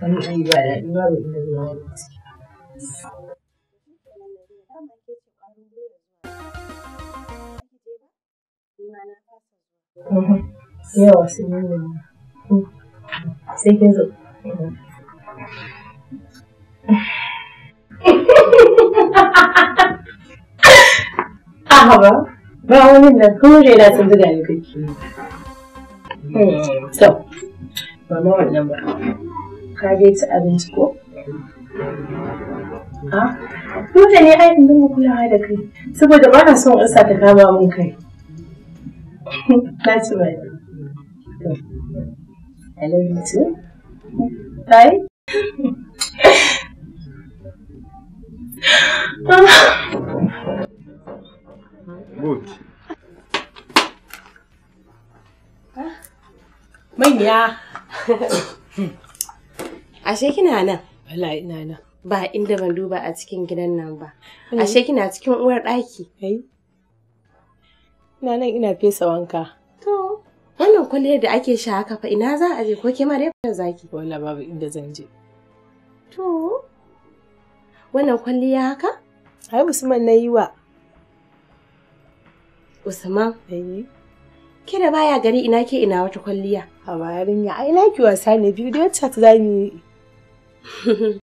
wani ayi ba daɗi babu inda zuwa wani yawa sun ba, na sun zuga kake. Hmm, ba ma wannan ba. ka ci abinci ko? A, dole ne ai in dinga kulawa da kai, saboda ba na son ƙasa ta kama mun kai. Na ci bai. I love you too. Bye. Good. Mania. Ashe kina nan? Wallahi ina nan. Ba inda ban duba a cikin gidan nan ba. Hmm. Ashe kina cikin uwar ɗaki? Ai. Eh. Ina nan ina fesa wanka. To, wannan kwalliyar da ake sha haka fa ina za a je ko ke ma da fara zaki? Wallahi babu inda zan je. To, wannan kwalliya haka? Ai Usman na yi wa. Usman? Ai. Eh. Ke da baya gari ina ke ina wata kwalliya? A yarinya, ai na ki wasa ne biyu da yadda za mu yi.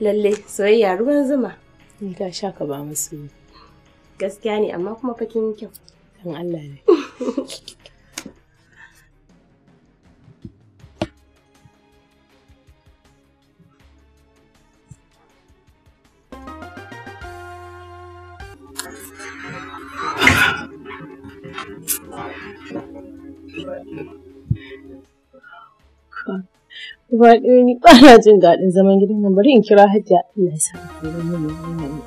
Lalle soyayya ruwan zuma. Ni sha ka ba musu. Gaskiya ne amma kuma fakin kyau. Dan Allah ne. you. Ba ɗaya ni ba na jin daɗin zaman gidan nan bari in kira Hajiya Allah ya sa ka kira mun wannan.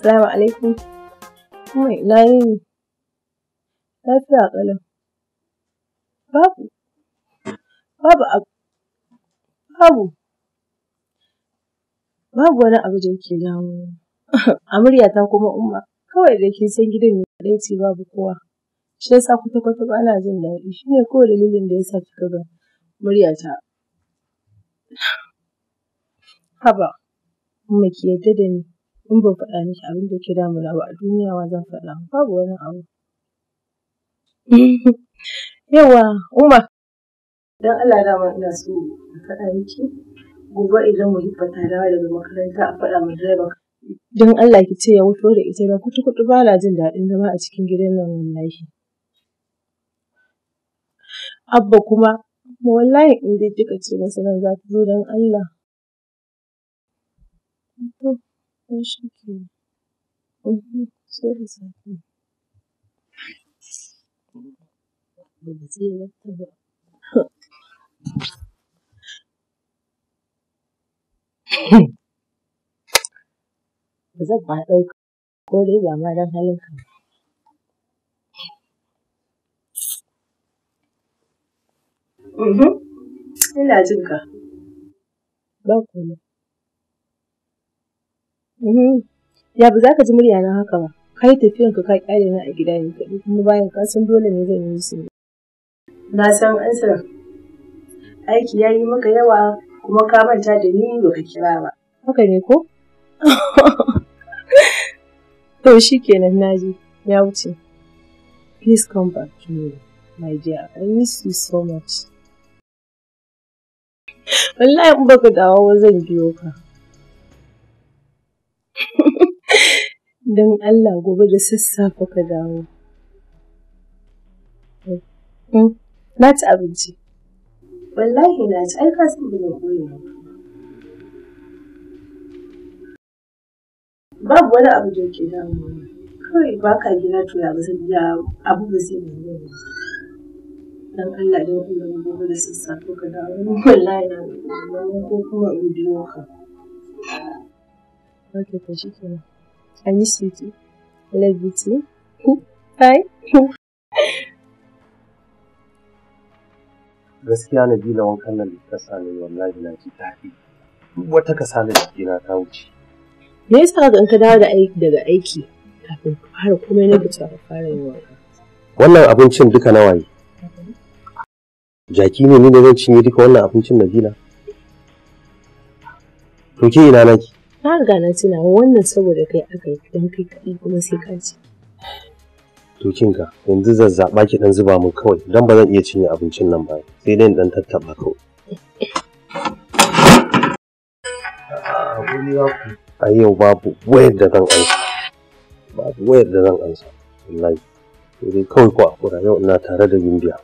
Salamu alaikum. Kuma ina ne? Lafiya ƙalau. Babu. Babu abu. Babu. Babu wani abu da yake damu. A ta kuma umma. kawai da ke san gidan ne kaɗai ce babu kowa. Shi yasa kwata-kwata ba na jin daɗi. Shi ne kawai dalilin da yasa ki ga muryata. Haba, kuma ki yarda da ni. In ban faɗa miki abin da ke damuna ba a duniya ma zan faɗa. Babu wani abu. Yawa, Umar. Don Allah dama ina so in faɗa miki. Gobe idan mu yi fata dawo daga makaranta a faɗa mu direba don Allah ki ce ya wuto da ita na kuɗi-kuɗi, ba na jin daɗin zama a cikin gidan nan wallahi. Abba kuma, wallahi in dai kika ce masa nan za ta zo don Allah. mm Hmm. ba zan ba ɗauka ko dai ba ma don halinka ba. Mm-hmm. Ina jin ka. Ba kuma. Mm-hmm. Ya ba za ka ji murya na haka ba. Kai tafiyan ka ka kyale na a gida ne kaɗai kuma bayan ka san dole ne zan yi su. Na san ansa. Aiki ya yi maka yawa kuma ka manta da ni ba ka kira ba. Haka ne ko? To shi kenan na ji ya wuce. Please come back to me, my dear. I miss you so much. Wallahi in baka dawo zan biyo ka. Don Allah gobe da sassafe ka dawo. Hmm? Na ci abinci. Wallahi na ci, ai ka san da babu wani abu da ke damuwa kawai ba ka gina to ya zan ya abu ba sai mai yau dan Allah dan Allah mu gobe da ko ka da wani wallahi na ko kuma in biyo ka ah. Okay, ka shi kenan. I miss you too. I Bye. Gaskiya na bila wankan nan da ta sani wallahi na ji daɗi. Wata kasala jikina ta wuce. me yasa ka ka dawo da aiki daga aiki kafin ka fara komai na fita ka fara yin waka wannan abincin duka nawa waye? jaki ne ni da zan cinye duka wannan abincin na gina to ke ina naki na ga na tuna wannan saboda kai aka yi dan kai kaɗai kuma sai ka ci to kinga yanzu zazzaɓa ki dan zuba mu kawai dan ba zan iya cinye abincin nan ba sai dai dan tattaɓa kawai ku a yau babu wayar da zan ansa babu wayar da zan ansa wallahi sai dai kawai ku akura yau ina tare da gimbiya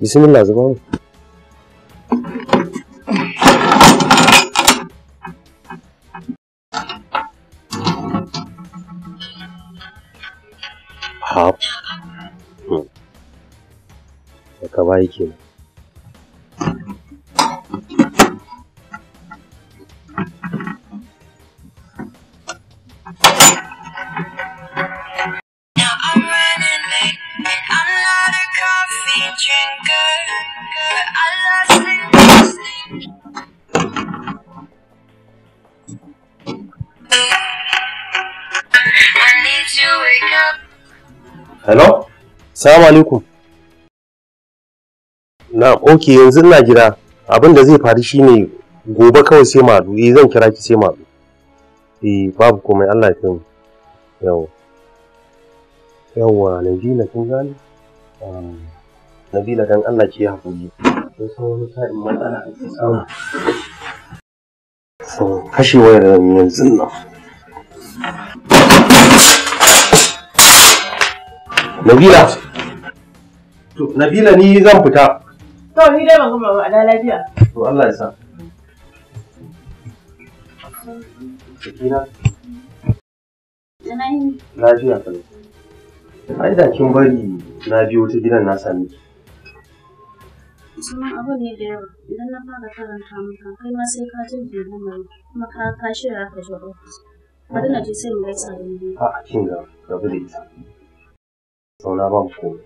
bismillah zama mu Hap. Hmm. Ka bayi kenan. Salamu alaikum. Na ok yanzu ina gida abin da zai faru shine gobe kawai sai maɗu. eh zan kira ki sai maɗu. Eh babu komai Allah ya kai yau. Yawwa Nabila kin gane? Nabila dan Allah ki hakuri. Sai san wani sa'in matsala cikin samu. So kashe wayar yanzu nan. Nabila. To, Nabila ni zan fita. To, ni dai ban gama ba, da lafiya. To, Allah ya sa. Sakina. Lafiya kan. Ai da kin bari na biyo ta gidan na sami. Sunan abun ne da yawa, idan na fara karanta maka, kai ma sai ka jin jirgin mai kuma ka ka shirya ka shiga ofis. Bari na je sai mu gaisa da ni. A'a kin ga rabu da ita. Sauna ba mu komai.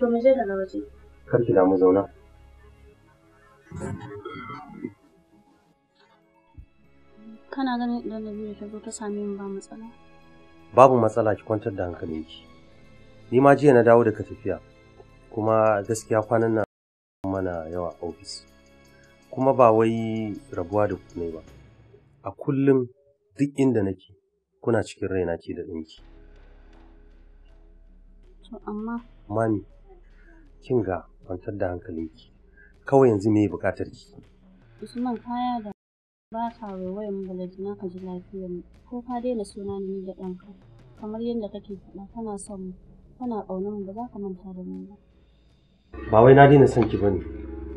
To mu zai da na waje. Kar ki damu zauna. Kana ganin idan da ta zo ta same mu ba matsala? Babu matsala ki kwantar da hankalinki. Ni ma jiya na dawo daga tafiya kuma gaskiya kwanan nan mana yawa a ofis. Kuma ba wai rabuwa da ku ba. A kullum duk inda nake kuna cikin raina ke da ɗinki. To amma. Mami. kin ga kwantar da ki kawai yanzu me bukatar ki Usman kaya da ba ka waiwayin mu balajina kaji ji lafiyar ko ka daina suna ni da ka kamar yadda kake faɗa kana son mu kana ƙaunar mu ba za ka manta da mu ba ba wai na daina son ki bane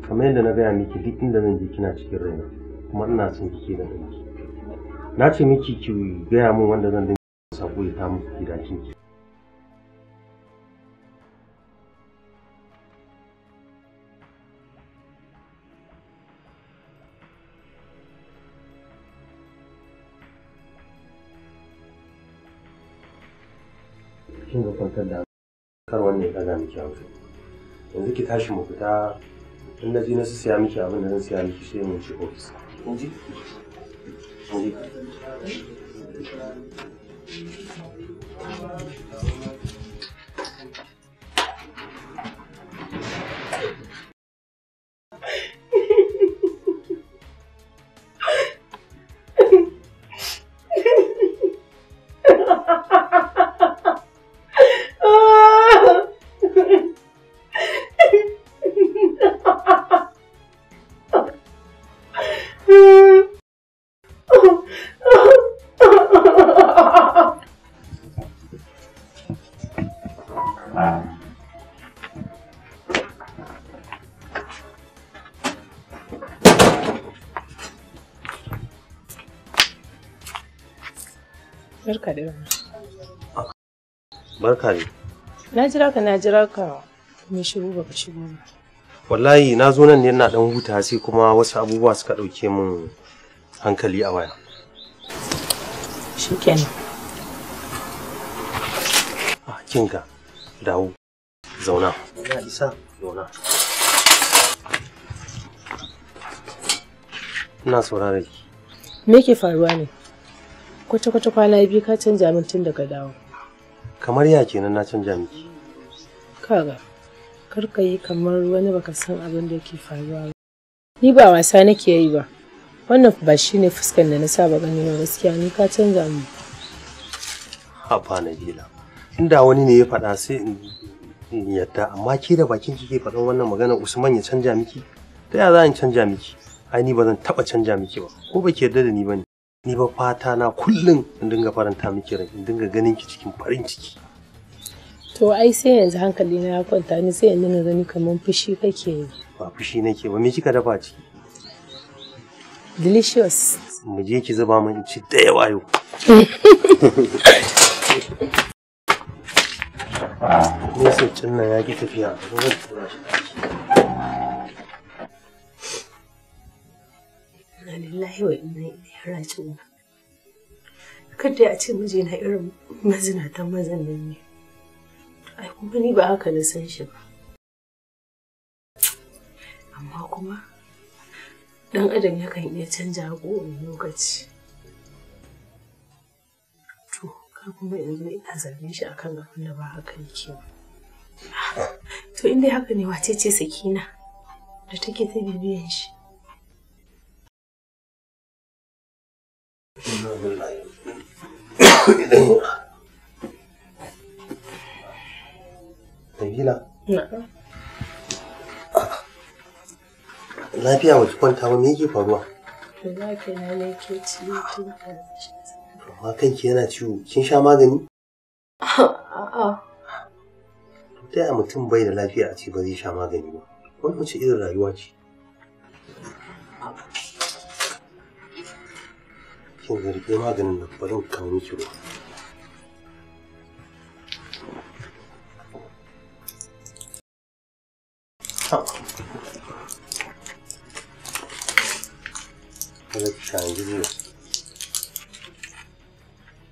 kamar yadda na gaya miki duk inda zan je kina cikin raina kuma ina son ki da ni na ce miki ki gaya min wanda zan dinga sako ya ta miki gidajen ki ne ɗaga miki hankali yanzu ki tashi mu fita in na je na su siya miki abin da zan siya miki sai mun ci ofis in ji ji Barka da rana. Barka ne. Na jira ka na jira ka me shiru baka shigo ba. Wallahi na zo nan ne ina dan huta sai kuma wasu abubuwa suka dauke min hankali a waya. Shikenan. Ah kinga dawo zauna. ina isa zauna. Ina saurare ki. Me ke faruwa ne? kwata-kwata kwana biyu ka canja min tun daga dawo. Kamar ya kenan na canja miki. Kaga, kar yi kamar wani baka san abin da yake faruwa ba. Ni ba wasa nake yi ba. Wannan ba shi ne fuskan da na saba gani ba gaskiya ni ka canja min. Haba na gila. Inda wani ne ya faɗa sai in yadda amma ke da bakin kike faɗan wannan magana Usman ya canja miki. Ta yaya za in canja miki? Ai ni ba zan taba canja miki ba. Ko ba ki yarda da ni ba ne. ni ba fata na kullum in dinga faranta miki rai in dinga ganin ki cikin farin ciki to ai sai yanzu hankali na ya kwanta ni sai in dinga gani kamar fushi kake yi ba fushi nake ba me kika dafa ciki delicious mu je ki zuba min ci da yawa yau Nesa cin nan ya ki tafiya, lillahi wa inna ilaihi raji'un kada a ce mijina irin mazinatan mazan nan ne ai kuma ni ba haka na san shi ba amma kuma dan adam yakan iya canja kowane lokaci to ka kuma yanzu ina zargin shi akan abin da ba haka yake ba to inda haka ne wace ce sakina da take ta bibiyan shi Nabila? Lafiya ba ki kwanta ba me yake faruwa? Wallahi na ne ke ciwo tun Amma kanki yana ciwo, kin sha magani? A'a. Ta yaya mutum bai da lafiya a ce ba zai sha magani ba? Wani wace irin rayuwa ce? kin zarge maganin nan bari kawo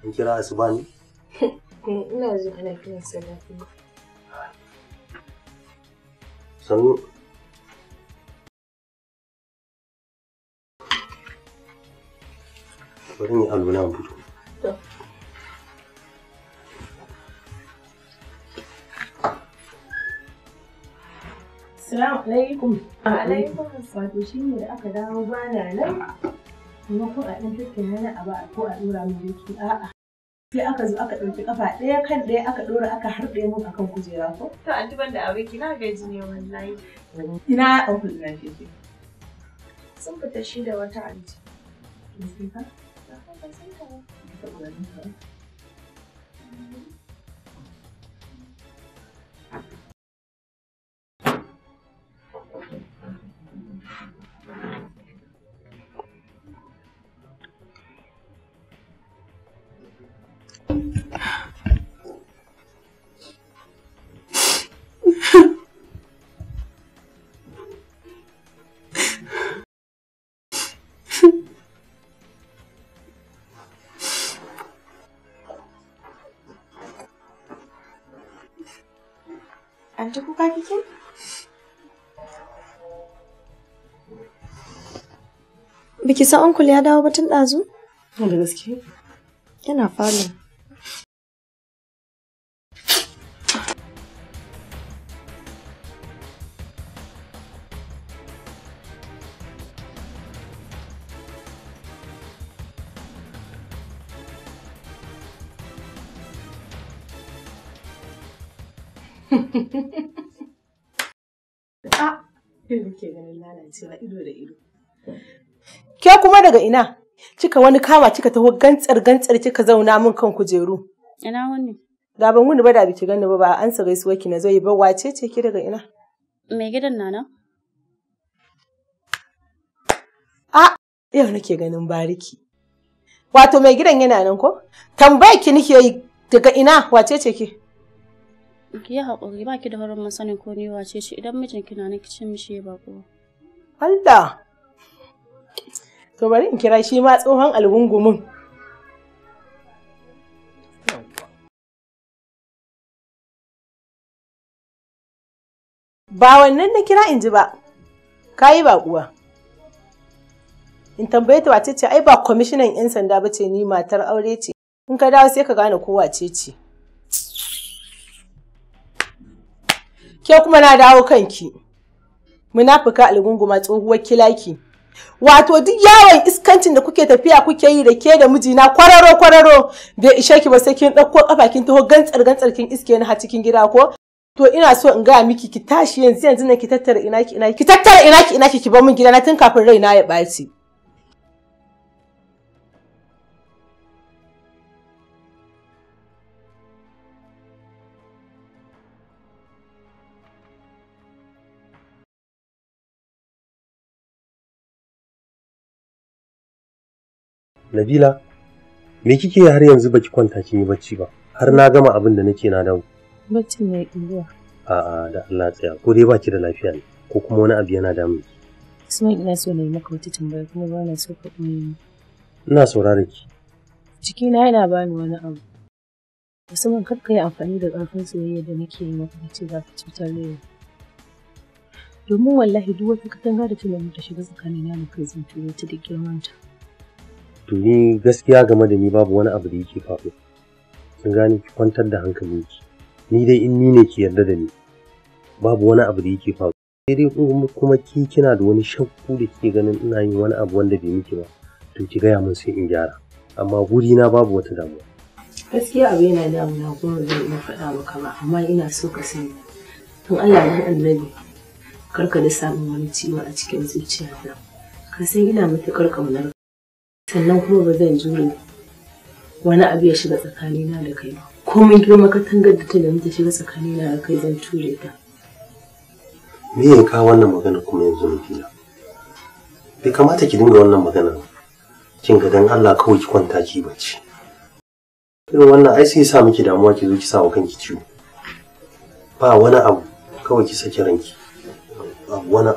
An kira Ina zuwa na kiran Sannu bari ni alwala mu fito Assalamu alaikum. Alaikum wato shi ne da aka dawo bana nan. Kuma ko a ɗan tattauna na abu ko a ɗora mu yake a'a. Sai aka zo aka ɗauki kafa ɗaya kan ɗaya aka ɗora aka harɗe mun akan kujera ko? To an ban da aure na gaji ne wallahi. Ina ɗaukar na ke Sun fita shi da wata anti. con xin thù anti kuka kike biki sa uncle ya dawo batun ɗazu? da gaske yana falon amince na ido da ido. Ke kuma daga ina? Kika wani kama kika taho gantsar gantsar kika zauna min kan kujeru. Ina wani? Da ban wuni ba da abinci gani ba ba an sa gaisuwar ki na zo yi ba wace ce ki daga ina? Mai gidan nana? A yau nake ganin bariki. Wato mai gidan yana nan ko? Tambaya ki nake yi daga ina wace ce ki? Ki yi haƙuri ba ki da horon masanin ko ni wace ce idan mijinki na nake cin mishi ba ko. Allah to bari in kira shi ma tsohon algungumin ba wannan na kira in ji ba ka yi baƙuwa in tambaye ta wace ce ai ba kwamishinan 'yan sanda ba ce ni matar aure ce in ka dawo sai ka gane ko wace ce ke kuma na dawo kanki munafuka algunguma tsohuwar kilaki wato duk yawon iskancin da kuke tafiya kuke yi da ke da mijina kwararo kwararo bai ishe ki ba sai kin dauko kafakin kin taho gantsar gantsar kin iske ni ha cikin gida ko to ina so in ga miki ki tashi yanzu yanzu na ki tattara ina ki ina ki tattara ina ki ina ki ki bar min gida na tun kafin raina ya ɓaci Nabila, me kike yi har yanzu baki kwanta kin yi bacci ba? Har na gama abin da nake na dawo. Baccin ya ƙiwa. A'a da Allah tsaya, ko dai baki da lafiya ne, ko kuma wani abu yana damun ki. Usman ina so na maka wata tambaya kuma ba na so ka ɓoye Ina saurare ki. Cikina yana ba ni wani abu. Musamman kar ka yi amfani da ƙarfin soyayya da nake yi maka ce za ka cutar da Domin wallahi duk wata katanga da tunanin ta shiga tsakanin yana kai zan fi ta da girmanta. ta. to ni gaskiya game da ni babu wani abu da yake faɗo kin gane ki kwantar da hankalinki ni dai in ni ne ki yarda da ni babu wani abu da yake faɗo sai dai kuma ki kina da wani shakku da kike ganin ina yin wani abu wanda bai miki ba to ki gaya min sai in gyara amma guri na babu wata damuwa gaskiya abu yana damuna kuma zai iya faɗa maka ba amma ina so ka sani don Allah ya annabi karka da samun wani ciwo a cikin zuciya ka san ina matuƙar ƙaunar sannan kuma ba zan jure wani abu ya shiga tsakanina da kai ba komin girma katangar da ta da ta shiga tsakanina da kai zan ture ta me ya kawo wannan magana kuma yanzu fila? bai kamata ki dinga wannan magana kin ga dan Allah kawai ki kwanta ki bacci irin wannan ai sai sa miki damuwa ki zo ki sa wa kanki ciwo ba wani abu kawai ki saki ranki wani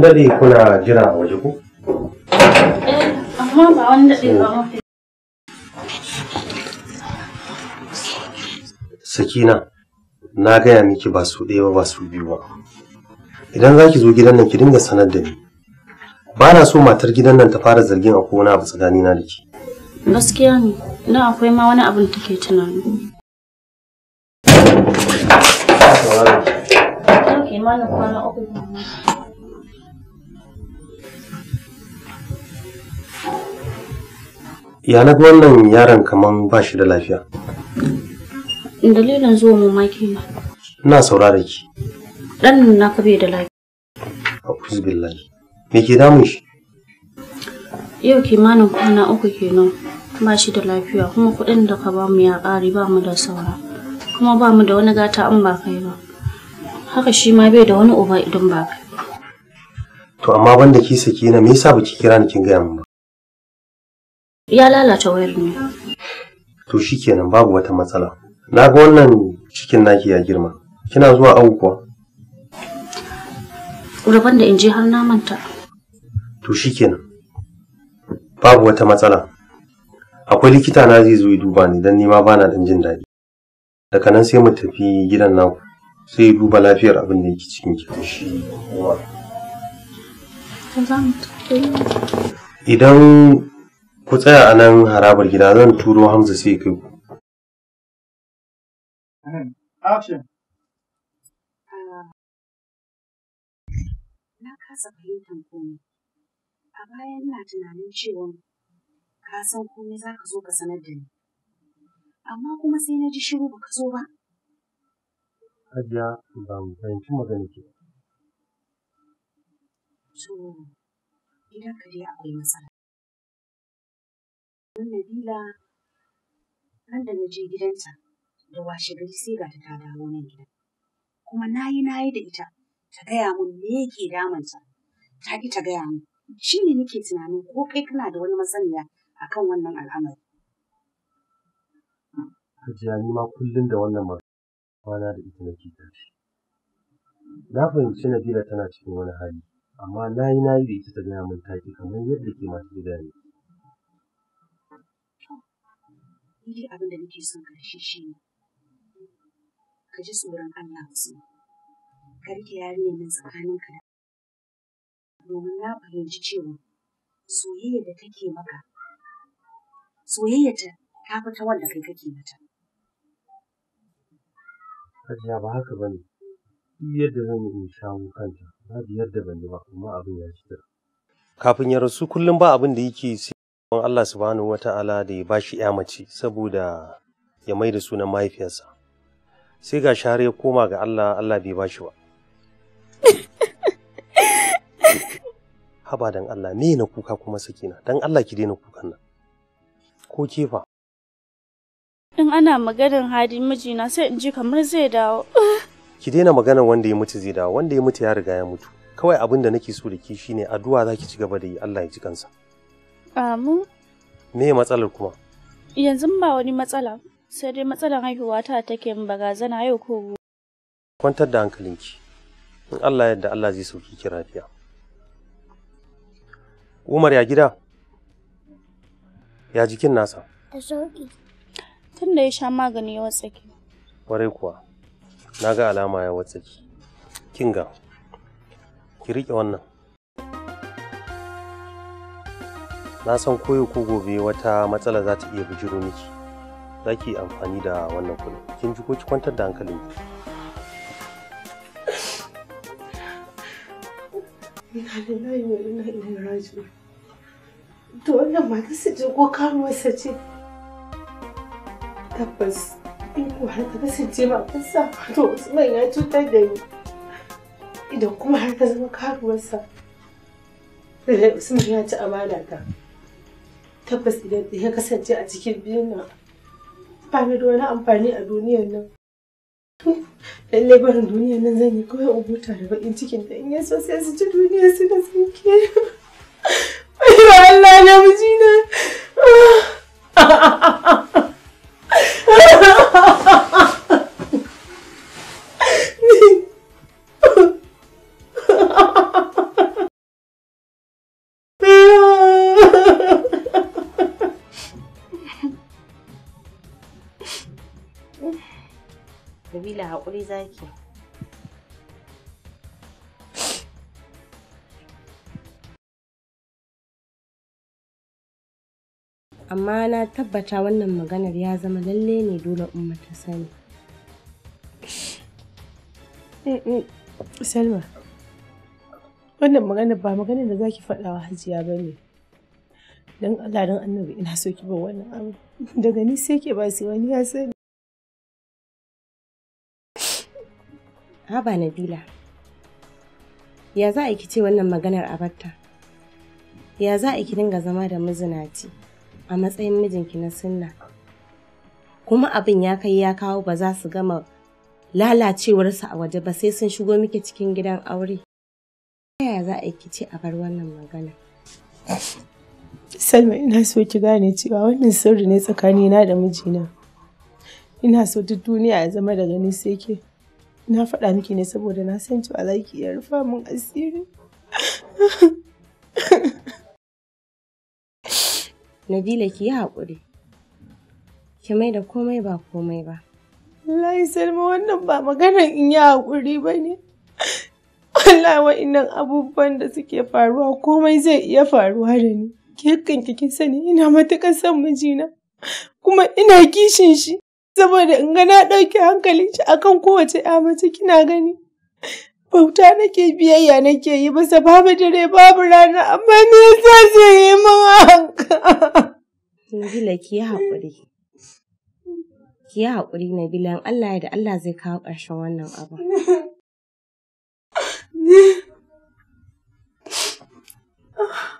daɗe, kuna jira a waje ko? Eh, amma ba wani daɗe ba mafi Sakina, na gaya miki ba su ɗaya ba su biyu ba. Idan za ki zo gidan nan ki dinga sanar da ni. Ba na so matar gidan nan ta fara zargin a kowane abu tsakanina da ke. Gaskiya ne, na akwai ma wani abin take tunani. Okay, mana kwana uku Ya na wannan yaron kaman ba shi da lafiya. Dalilin zuwa mu ma kenan. Ina saurara ki. Dan na ka bai da lafiya. A'udhu billahi. Me ke damun shi? Yau kimanin kwana uku kenan ba shi da lafiya kuma kuɗin da ka ba mu ya kare ba mu da saura. Kuma ba mu da wani gata an ba kai ba. Haka shi ma bai da wani uba idan ba kai. To amma banda ki sakina me yasa baki kira ni kin gaya min ba? ya lalata wayar ne. To shikenan babu wata matsala. Na ga wannan cikin naki ya girma. Kina zuwa awu kuwa? Rabon da in har na manta. To shikenan. Babu wata matsala. Akwai likita na zai zo ya duba ni don nema bana dan jin daɗi. Daga nan sai mu tafi gidan naku. Sai duba lafiyar abin da yake cikin ki. Shi Idan Ku tsaya a nan harabar gida zan turo Hamza sai ku. Action. Na kasa fahimtar komai. A baya ina tunanin cewa ka san komai za ka zo ka sanar da ni. Amma kuma sai na ji shiru ba ka zo ba. Hajiya ba mu fahimci magana ke. To, ka dai akwai matsala. gaban Nabila nan da na je gidanta da washe gari sai ga ta dawo nan gida, Kuma na yi na yi da ita ta gaya min me yake damunta ta ki ta gaya min shi ne nake tunanin ko kai kana da wani masaniya kan wannan al'amari. Hajiya ni ma kullum da wannan magana da ita nake tashi. Na fahimci Nabila tana cikin wani hali amma na yi na yi da ita ta gaya min taki kamar yadda ke masu gida ne. ni abin da nake son ka shi shi ne ka ji tsoron Allah wasu ka rike yarinyar nan tsakaninka da domin na fahimci cewa soyayya da kake maka Soyayya ta fi ta wanda kai kake mata. Hajiya ba haka ba ne, yadda zan yi shawo kanta, babu yadda ban yi ba, amma abin ya ci Kafin ya rasu kullum ba abin da yake Allah subhanahu wa ta'ala da ya bashi ya mace saboda ya mai da sunan mahaifiyarsa sai ga share ya koma ga Allah Allah bai bashi ba haba dan Allah me na kuka kuma sakina dan Allah ki daina kukan nan ko kefa in ana maganar hadi mijina sai in ji kamar zai dawo ki daina maganar wanda ya mutu zai dawo wanda ya mutu ya riga ya mutu kawai abin da nake so da ki shine addu'a zaki ci gaba da yi Allah ya ji kansa Amu. Me matsalar kuma? Yanzu ba wani matsala, sai dai matsalar haihuwa ta take min bagazana yau ko Kwantar da hankalinki. In Allah yadda Allah zai sauki ki rafiya. Umar ya gida? Ya jikin nasa? A sauki. Tun da ya sha magani ya watsaki. Kwarai kuwa, na ga alama ya watsake. Kinga, ki riƙe wannan. na san koyo ko gobe wata matsala za ta iya bijiro miki za ki amfani da wannan kuɗi kin ji ko ki kwantar da hankalin ina lillahi wa ina ilaihi raji'un to wannan mata su je ko karuwarsa ce tabbas in ko har ta kasance sa to usman ya cutar da ni idan kuma har ta zama karuwarsa lallai usman ya ci amana ta tabbas idan ya kasance a cikin biyun nan ba ni da wani amfani a duniyar nan lallai barin duniyar nan zan yi kawai ubuta da bakin cikin da in ya so sai su ci duniya su da tsinke ke ba Allah na ah. zaki amma na tabbata wannan maganar ya zama lalle ne dole umma ta sani eh, eh, salma wannan maganar ba maganar da zaki ki wa hajiya ba ne don allah don annabi ina so ki bar wannan abu daga ni sai ke ba su wani ya sani Haba Nabila. Ya za a ce wannan maganar a batta? Ya za a dinga zama da mizinaci a matsayin mijinki na sunna? Kuma abin ya kai ya kawo ba za su gama lalacewarsa a waje ba sai sun shigo miki cikin gidan aure. ya za a ki ce a bar wannan magana? Salma ina so ki gane cewa wannan sirri ne tsakanina da mijina. Ina so duk duniya ya zama daga ni sai ke. Na faɗa miki ne saboda na san cewa za ki iya rufa min asiri. Nabila ki yi haƙuri. Ki mai da komai ba komai ba. Wallahi Salma wannan ba maganar in yi haƙuri ba ne. Wallahi wa'innan abubuwan da suke faruwa komai zai iya faruwa da ni. Ke kanki sani ina matuƙar son mijina kuma ina kishin shi. saboda in ga na ɗauki hankali shi akan kowace ya mace kina gani. Bauta nake biyayya nake yi masa babu dare babu rana amma me yasa zai yi min hanka. Nabila ki yi haƙuri. Ki yi haƙuri Nabila Allah ya da Allah zai kawo ƙarshen wannan abu. Ah.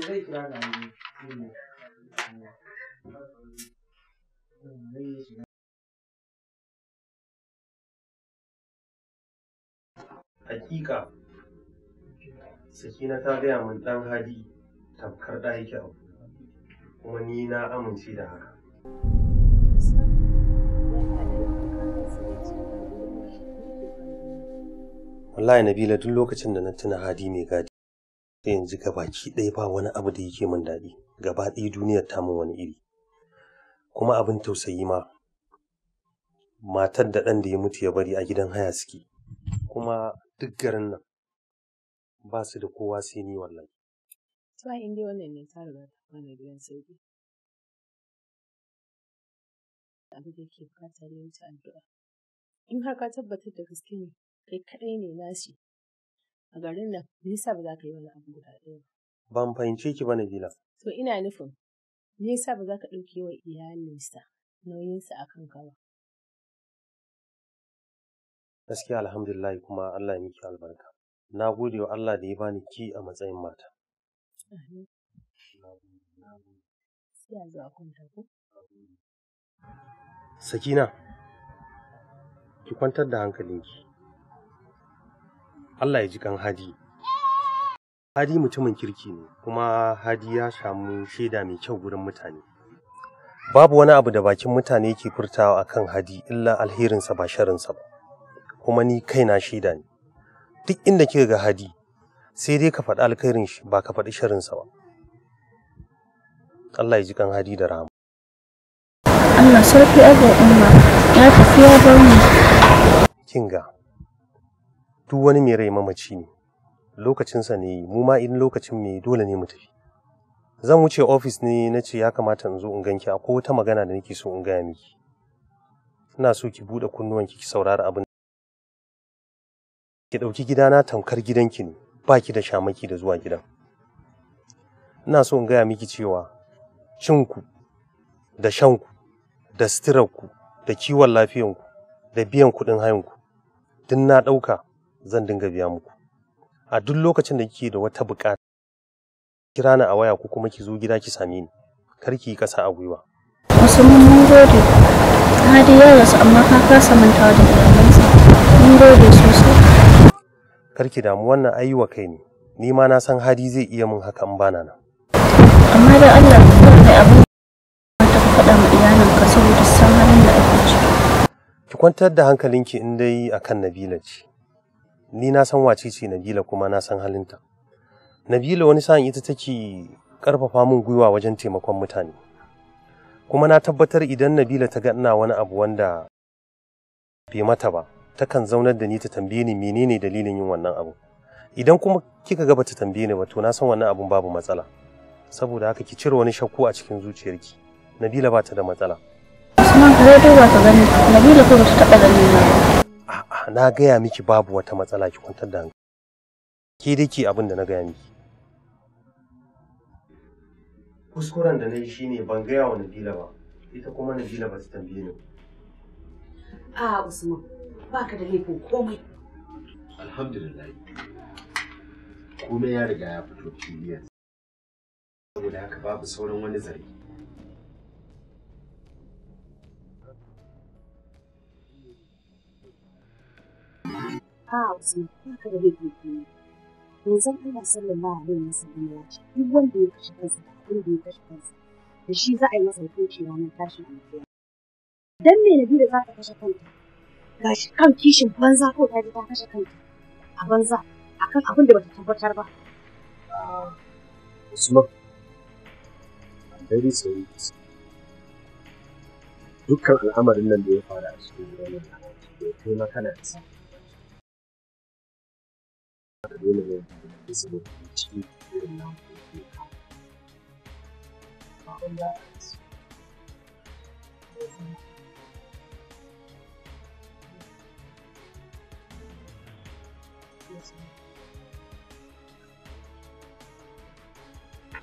zai kira ga ne hakika sakina ta gaya min dan hadi tamkar da yake abu kuma ni na amince da haka wallahi nabila duk lokacin da na tuna hadi mai gadi ta yanzu gabaki ɗaya ba wani abu da yake min daɗi gaba ɗaya duniyar ta min wani iri kuma abin tausayi ma matar da ɗan da ya mutu ya bari a gidan haya suke kuma duk garin nan ba su da kowa sai ni wallahi ta in wannan ne ta riga ta fara gidan sauki abin da ke fata ne ta addu'a in har ka tabbatar da gaske ne kai kaɗai ne nashi a garin nan me yasa ba za ka yi wani abu guda ɗaya ba ban fahimce ki ba Nabila to ina nufin me yasa ba za ka ɗauke wa iyalinsa nauyinsa a kan ba gaskiya alhamdulillah kuma Allah ya miki albarka na gode wa Allah da ya bani ki a matsayin mata Sakina, ki kwantar da hankalinki, Allah ya ji kan hadi. Hadi mutumin kirki ne, kuma hadi ya samu shaida mai kyau gurin mutane. Babu wani abu da bakin mutane ke furtawa akan hadi illa alherinsa ba sharinsa ba, kuma ni kaina shaida ne. Duk inda kika ga hadi, sai dai ka faɗi alkhairin shi ba ka faɗi sharinsa ba. Allah ya ji kan hadi da rahama. Allah sarki abin umma ya tafi ya bar mu. Kinga, duk wani mai rai mamaci ne lokacinsa ne mu ma in lokacin mai dole ne mu tafi zan wuce ofis ne na ce ya kamata in zo in ganki ko wata magana da nake so in gaya miki ina so ki buɗe kunnuwanki ki saurari abin ki ɗauki gidana tamkar gidanki ne ba ki da shamaki da zuwa gidan ina so in gaya miki cewa cinku da shanku da sitirarku da kiwon lafiyanku da biyan kuɗin hayanku duk na ɗauka zan dinga biya muku a duk lokacin da kike da wata bukata kira ni a waya ko kuma ki zo gida ki same ni kar ki yi kasa a gwiwa musulman mun gode hadi ya rasu amma ka kasa mantawa da iyalansa mun gode sosai kar ki damu wannan ayi wa kai ne ni ma na san hadi zai iya min haka in bana nan amma da Allah ka kai abin ta faɗa ma ka saboda san halin da ake ciki ki kwantar da hankalinki in dai akan Nabila ce ni na san wacece Nabila kuma na san halinta. Nabila wani sa'in ita take karfafa min gwiwa wajen taimakon mutane. Kuma na tabbatar idan Nabila ta ga ina wani abu wanda bai mata ba, takan zaunar da ni ta tambaye ni menene dalilin yin wannan abu. Idan kuma kika ga bata tambaye ni ba to na san wannan abun babu matsala. Saboda haka ki cire wani shakku a cikin zuciyarki. Nabila ba ta da matsala. Usman ka ka gani, Nabila ko ba ta taɓa gani ba. A'a, na gaya miki babu wata matsala ki kwantar da hankali. Ki dai ki abin da na gaya miki. Kuskuren da na yi shine ban gaya wa Nabila ba, ita kuma Nabila ba ta tambaye ni. A Usman, baka da laifin komai. Alhamdulillah. Komai ya riga ya fito filiyar. Saboda haka babu sauran wani zargi. a'a usman ka da laifin kuma manzon Allah sallallahu alaihi wasallam ya ce duk wanda ya kashe kansa da abin da ya kashe kansa da shi za a yi masa na tashi a alƙiyama dan me nabi da za ka kashe kanta gashi kan kishin banza ko ta ji ta kashe kanta a banza akan abin da bata tabbatar ba Usman very serious dukkan al'amarin nan da ya faru a cikin wannan al'amari bai kai makana da relevant and visible to achieve the amount of income.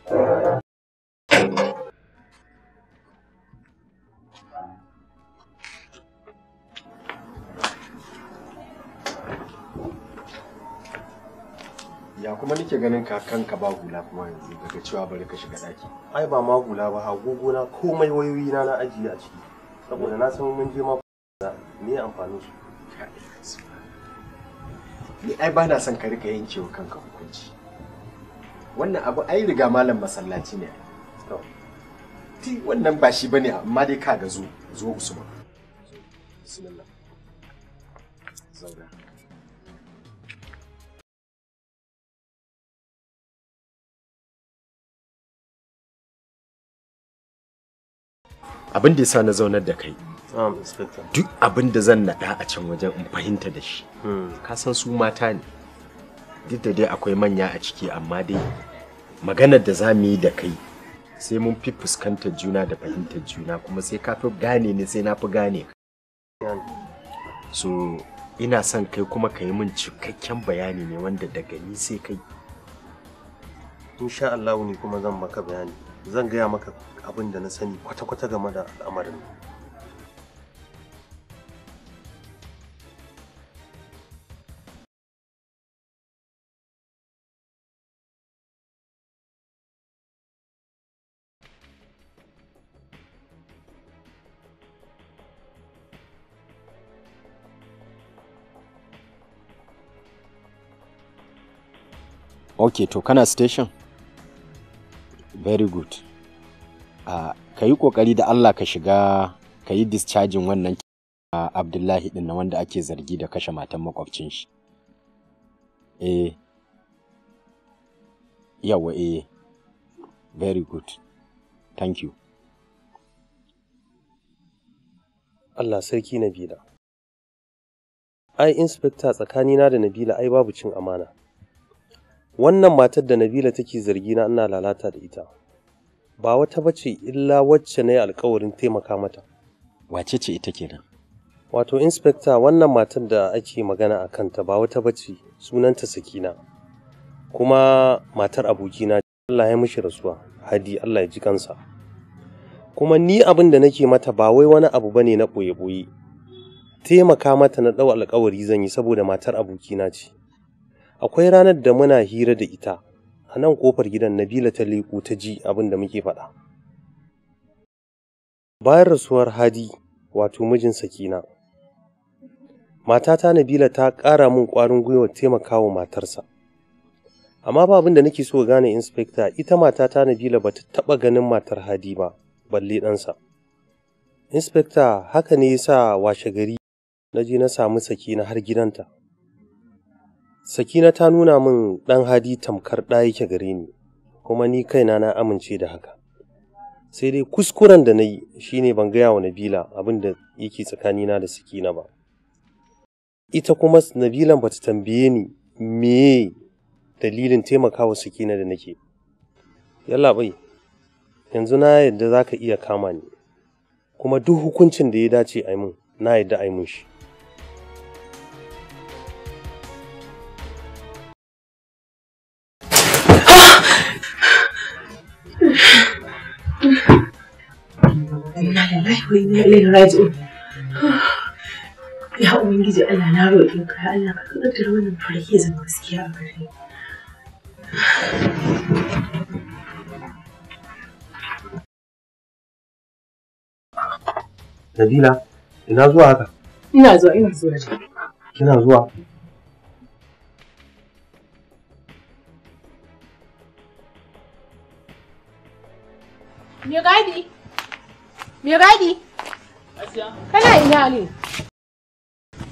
Thank you. kake ganin kakanka ba hula kuma yanzu daga cewa bari ka shiga ɗaki ai ba ma hula ba agogo na komai wayoyi na na ajiye a ciki saboda na san mun je ma me amfanin su ni ai ba na son ka rika yankewa kanka hukunci wannan abu ai riga malam masallaci ne ti wannan ba shi bane amma dai ka ga zo zo usman bismillah zaura abin da ya sa na zaunar da kai ah, duk abin da zan naɗa a can wajen in fahimta da shi hmm. ka san su mata ne duk da dai akwai manya a ciki amma dai maganar da za mu yi da kai sai mun fi fuskantar juna da fahimtar juna kuma sai ka fi gane ni sai na fi gane ka so ina son kai kuma ka yi min cikakken bayani ne wanda daga ni sai kai insha Allah ne kuma zan maka bayani zan gaya maka abin da na sani kwata-kwata game da al'amarin ok to kana station very good ka yi ƙoƙari da Allah ka shiga ka yi discharging wannan Abdullahi din na wanda ake zargi da kashe matan makwabcin shi. Eh, yawa eh, very good, thank you. Allah sarki Nabila. Ai, inspector tsakanina da Nabila ai babu cin amana. Wannan matar da Nabila take zargina ina lalata da ita. ba wata bace illa wacce na yi alkawarin taimaka mata. Wace ce ita kenan? Wato, inspekta wannan matan da ake magana a kanta ba wata bace sunanta Sakina, kuma matar abokina Allah ya mishi rasuwa, hadi Allah ya ji kansa. Kuma ni abin da nake mata ba wai wani abu ba ne na ɓoye-ɓoye, taimaka mata na ɗau alkawari zan yi saboda matar abokina ce. Akwai ranar da muna hira da ita, A nan ƙofar gidan Nabila ta leƙo ta ji abin da muke faɗa. Bayan rasuwar Hadi, wato mijin Sakina, matata Nabila ta ƙara min ƙwarin gwiwar taimakawa matarsa. Amma ba abin da nake so gane inspekta ita matata Nabila ba ta taɓa ganin matar Hadi ba, balle ɗansa. Inspekta haka ne ya sa washe gari na je na samu Sakina har gidanta. Sakina ta nuna min ɗan hadi tamkar ɗa yake gare ni, kuma ni kaina na amince da haka. Sai dai kuskuren da na yi shi ne ban gaya wa Nabila abin da yake tsakanina da Sakina ba. Ita kuma Nabilan ba ta tambaye ni meye dalilin taimakawa Sakina da nake. Yalla bai, yanzu na yadda za ka iya kama ni, kuma duk hukuncin da ya dace a yi mun, na yadda a yi mun shi. wa ya ubangiji Allah na roƙe ka ya Allah ka kaddara wannan farke zan gaskiya a gare ni Nabila, ina zuwa haka? Ina zuwa, ina zuwa. Kina zuwa? Mai gadi. Me gadi? Kana ina ne?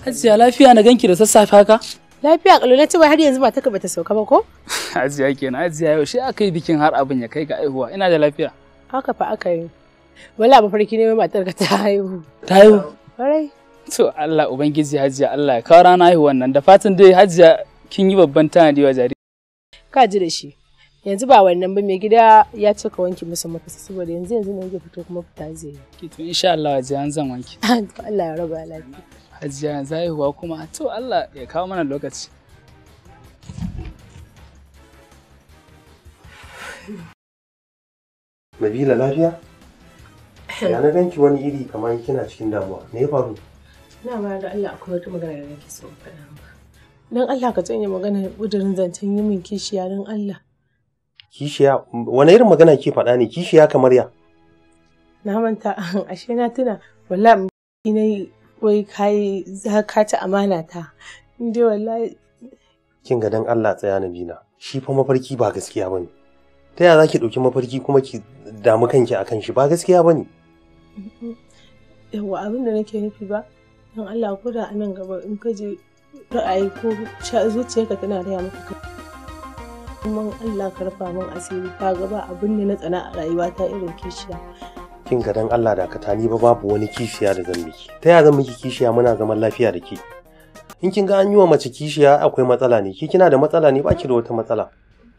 Hajiya lafiya na ganki da sassafe haka? Lafiya kalo na cewa har yanzu ba taka bata sauka ba ko? Hajiya kenan Hajiya yau shi aka yi bikin har abin ya kai ga aihuwa ina da lafiya. Haka fa aka yi. Wala ba farki ne matar ka ta haihu. Ta haihu? Kwarai. To Allah Ubangiji Hajiya Allah ya kawo rana haihuwan nan da fatan dai Hajiya kin yi babban tanadi wa jariri. Ka ji da shi. yanzu ba wannan ba mai gida ya ce ka wanke musu mafisa saboda yanzu yanzu ne yake fito kuma fita zai yi ki to insha Allah hajiya an zan wanke Allah ya raba lafiya hajiya yi haihuwa kuma to Allah ya kawo mana lokaci Nabila lafiya? Ya na ganki wani iri kamar kina cikin damuwa. Me ya faru? Ina ma da Allah akwai wata magana da nake so faɗa maka. Dan Allah ka tsanya magana da ƙudurin zancen yi min kishiya dan Allah. kishiya wani irin magana ke faɗa ne kishiya kamar ya na manta ashe na tuna wallahi na yi wai kai za ka ci amana ta inda wallahi kin ga dan Allah tsaya na bina shi fa mafarki ba gaskiya bane ta yaya zaki dauki mafarki kuma ki damu kanki akan shi ba gaskiya bane yawa abin da nake nufi ba dan Allah ko da anan gaba in ka je ra'ayi ko zuciyarka tana raya maka kuma Allah karfa min asiri ka gaba ba abin da na tsana a rayuwa ta irin kishiya kin ga dan Allah da ka ni ba babu wani kishiya da zan miki ta ya zan miki kishiya muna zaman lafiya da ke in kin ga an yi wa mace kishiya akwai matsala ne ki kina da matsala ne ba ki da wata matsala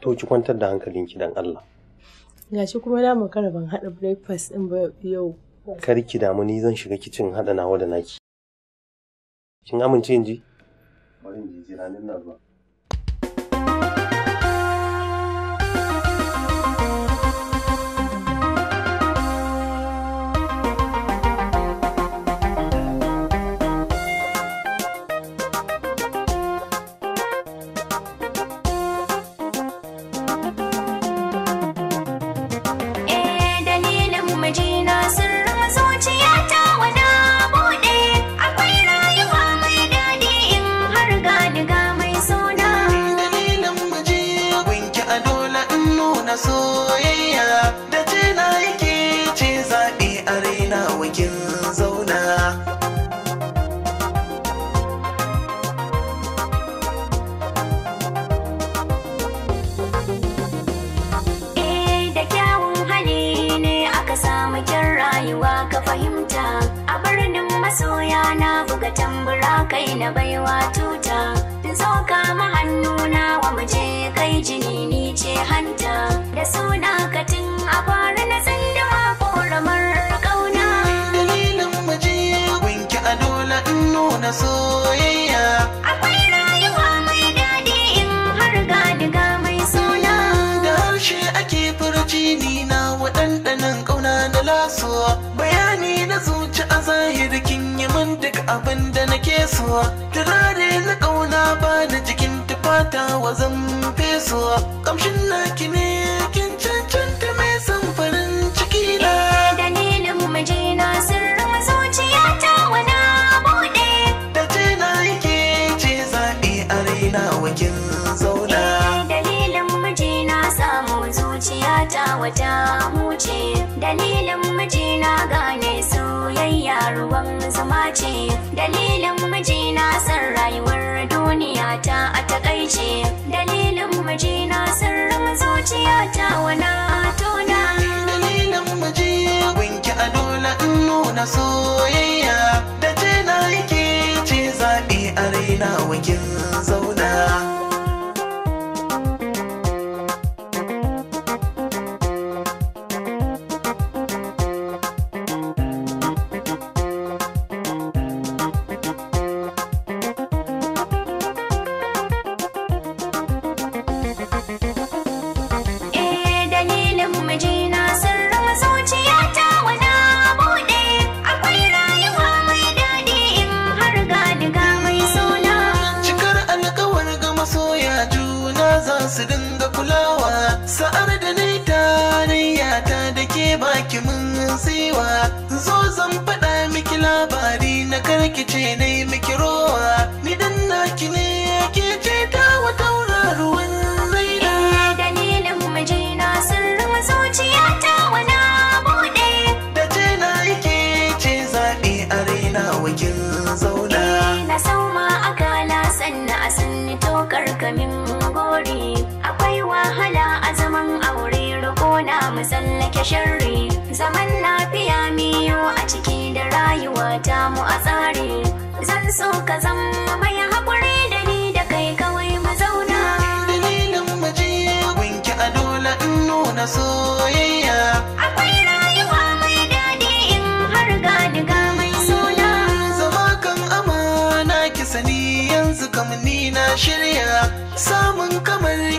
to ki kwantar da hankalinki dan Allah gashi kuma na makara ban hada breakfast din ba yau kar ki damu ni zan shiga kicin hada nawa da naki kin amince in bari in ji nan ba rai na baiwa tuta fesuwa turare na ƙauna ba na jikin tufata wa zan fesuwa kamshin naki ne kin cancanta mai san farin ciki na eh, dalilin na sirrin zuciyata wana buɗe da ce na yake ce zaɓi a raina wakin zauna eh, dalilin na samu zuciyata wata huce dalilin mijina gani dalilin mijina sirrin zuciya ta wana tona dalilin miji gunki a dole in nuna soyayya da ce na yake ce zaɓi a raina wakin zau shirya samun kamar